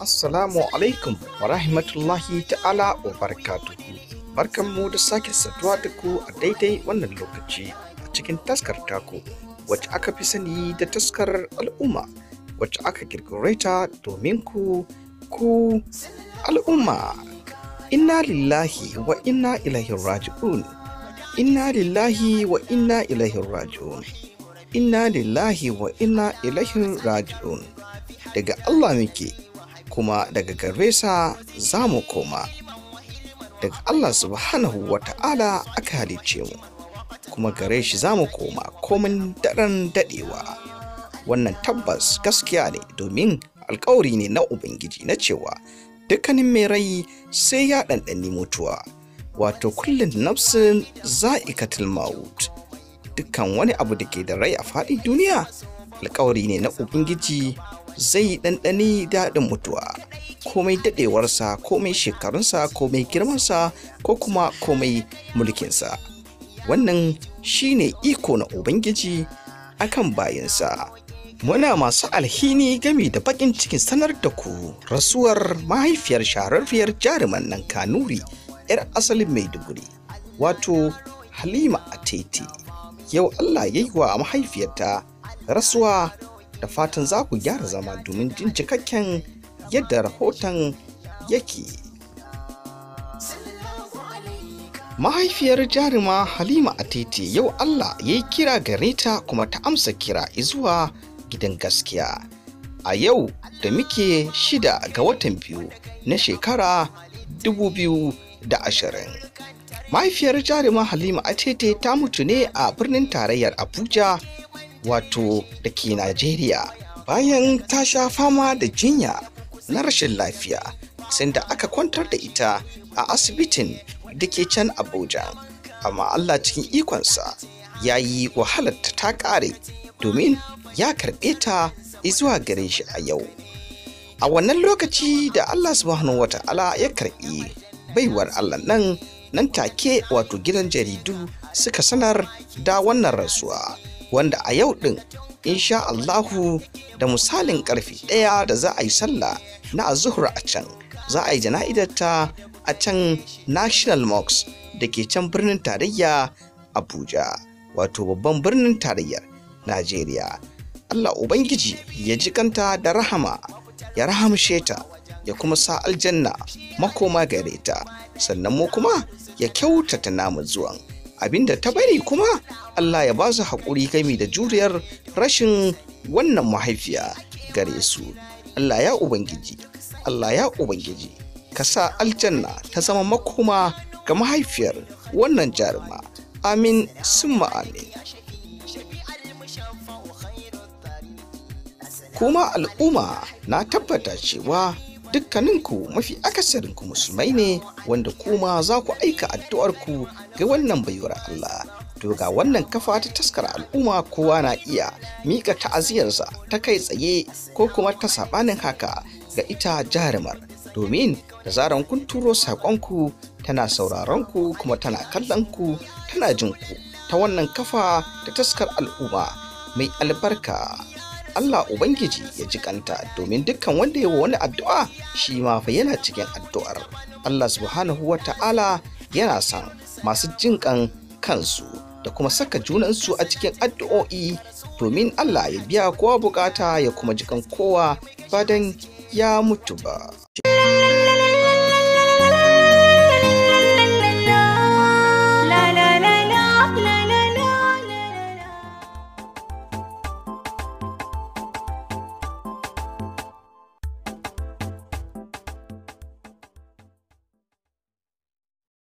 Assalamu alaikum wa rahmatullahi ta'ala wa barakatuhu. Barkanmu da sake saduwa da ku a daidai wannan lokaci a cikin taskar taku wacce aka fi sani da taskar al'umma wacce aka kirkire ta domin ku ku al'umma. Inna lillahi wa inna ilahin raji'un. Inna lillahi wa inna ilahin raji'un. Inna lillahi wa inna ilahin raji'un. Daga Allah muke kuma daga gare sa za mu koma daga Allah subhanahu wa ta'ala aka halicce mu kuma gare shi za mu koma komin daren dadewa wannan tabbas gaskiya ne domin alkawari ne na ubangiji na cewa dukkanin mai rai sai ya ɗanɗani mutuwa wato kullum nafsin za'ikatul maut dukkan wani abu da ke da rai a faɗin duniya alkawari ne na ubangiji zai yi ɗanɗani daɗin mutuwa komai daɗewarsa komai shekarunsa komai girmansa ko kuma komai mulkinsa wannan shine iko na ubangiji akan bayansa muna masu alhini gami da baƙin cikin sanar da ku rasuwar mahaifiyar shahararriyar jaruman nan kanuri 'yar asalin maiduguri wato halima a tete yau allah ya yi wa mahaifiyarta rasuwa da fatan za ku gyara zama domin jin cikakken yadda rahoton yake mahaifiyar jarima halima atete yau allah ya yi kira gare ta kuma ta amsa kira izuwa gidan gaskiya a yau da muke shida ga watan biyu na shekara 2020 mahaifiyar jarima halima atete ta mutu ne a birnin tarayyar abuja wato da ke Najeriya bayan ta sha fama da jinya na rashin lafiya da aka kwantar da ita a asibitin da ke can Abuja. Amma Allah cikin ikonsa ya yi wahalar ta ƙare domin ya karɓe ta zuwa gare shi a yau. A wannan lokaci da Allah subhanahu wa ta'ala ya karɓi baiwar Allah nan nan take wato gidan jaridu suka sanar da wannan rasuwa. wanda a yau ɗin insha Allahu da misalin ƙarfi ɗaya da za a yi sallah na azuhur a can za a yi ta a can national mosque da ke can birnin tarayya abuja wato babban birnin tarayyar najeriya allah ubangiji ya ji kanta da rahama ya rahamshe ta ya kuma sa aljanna makoma gare ta sannan mu kuma ya kyautata namu zuwan abinda ta bari kuma Allah ya ba su haƙuri gami da juriyar rashin wannan mahaifiya gare su Allah ya ubangiji Allah ya ubangiji ka sa aljanna ta zama makoma ga mahaifiyar wannan jaruma amin summa amin kuma al'umma na tabbata cewa dukkaninku mafi akasarinku musulmai ne wanda kuma za ku aika addu'arku ga wannan bayuwar Allah to ga wannan kafa ta taskar al'umma kowa na iya mika ta'aziyarsa ta kai tsaye ko kuma ta saɓanin haka ga ita jarumar domin da zaran kun turo saƙonku tana sauraronku kuma tana kallon ku tana jin ku ta wannan kafa ta taskar al'umma mai albarka Allah Ubangiji ya ji kanta domin dukkan wanda ya wani addu'a shi ma fa yana cikin addu'ar. Allah subhanahu wa ta'ala yana san masu jinƙan kansu da kuma saka junansu a cikin addu'o'i domin Allah ya biya kowa bukata ya kuma jikan kowa badan ya mutu ba.